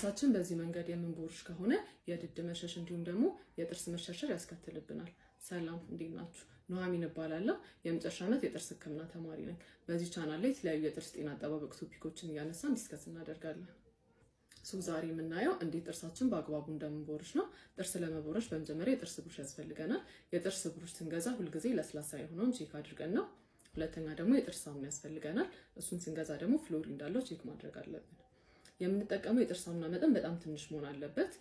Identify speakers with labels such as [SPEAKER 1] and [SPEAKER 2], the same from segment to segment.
[SPEAKER 1] ጥርሳችን በዚህ መንገድ የምንቦርሽ ከሆነ የድድ መሸሽ እንዲሁም ደግሞ የጥርስ መሸርሸር ያስከትልብናል። ሰላም እንዴት ናችሁ? ኑሐሚን እባላለሁ። የመጨረሻ ዓመት የጥርስ ሕክምና ተማሪ ነኝ። በዚህ ቻናል ላይ የተለያዩ የጥርስ ጤና አጠባበቅ ቶፒኮችን እያነሳን ዲስከስ እናደርጋለን። ሱ ዛሬ የምናየው እንዴት ጥርሳችን በአግባቡ እንደምንቦርሽ ነው። ጥርስ ለመቦረሽ በመጀመሪያ የጥርስ ብሩሽ ያስፈልገናል። የጥርስ ብሩሽ ስንገዛ ሁልጊዜ ለስላሳ የሆነውን ቼክ አድርገን ነው። ሁለተኛ ደግሞ የጥርስ ሳሙና ያስፈልገናል። እሱን ስንገዛ ደግሞ ፍሎሪ እንዳለው ቼክ ማድረግ አለብን። የምንጠቀመው የጥርስ ሳሙና መጠን በጣም ትንሽ መሆን አለበት።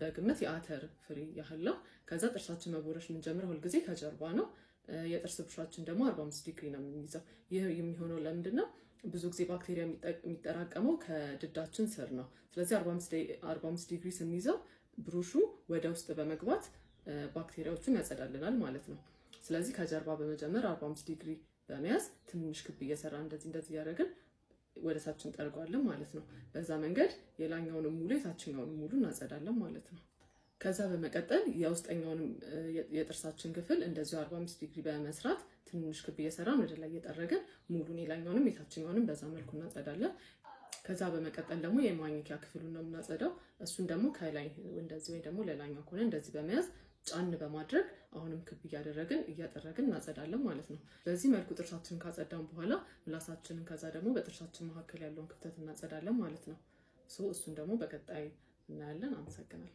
[SPEAKER 1] በግምት የአተር ፍሬ ያህል ነው። ከዛ ጥርሳችን መቦረሽ የምንጀምረው ሁልጊዜ ከጀርባ ነው። የጥርስ ብሻችን ደግሞ 45 ዲግሪ ነው የሚይዘው። ይህ የሚሆነው ለምንድን ነው? ብዙ ጊዜ ባክቴሪያ የሚጠራቀመው ከድዳችን ስር ነው። ስለዚህ 45 ዲግሪ ስንይዘው ብሩሹ ወደ ውስጥ በመግባት ባክቴሪያዎቹን ያጸዳልናል ማለት ነው። ስለዚህ ከጀርባ በመጀመር 45 ዲግሪ በመያዝ ትንሽ ክብ እየሰራ እንደዚህ እንደዚህ እያደረግን ወደ ታች እንጠርገዋለን ማለት ነው። በዛ መንገድ የላኛውንም ሙሉ የታችኛውንም ሙሉ እናጸዳለን ማለት ነው። ከዛ በመቀጠል የውስጠኛውንም የጥርሳችን ክፍል እንደዚሁ 45 ዲግሪ በመስራት ትንሽ ክብ እየሰራን ወደ ላይ እየጠረግን ሙሉን የላኛውንም የታችኛውንም በዛ መልኩ እናጸዳለን። ከዛ በመቀጠል ደግሞ የማኝኪያ ክፍሉን ነው የምናጸዳው። እሱን ደግሞ ከላይ እንደዚህ ወይ ደግሞ ለላኛው ከሆነ እንደዚህ በመያዝ ጫን በማድረግ አሁንም ክብ እያደረግን እያጠረግን እናጸዳለን ማለት ነው። በዚህ መልኩ ጥርሳችንን ካጸዳን በኋላ ምላሳችንን ከዛ ደግሞ በጥርሳችን መካከል ያለውን ክፍተት እናጸዳለን ማለት ነው። እሱን ደግሞ በቀጣይ እናያለን። አመሰግናለሁ።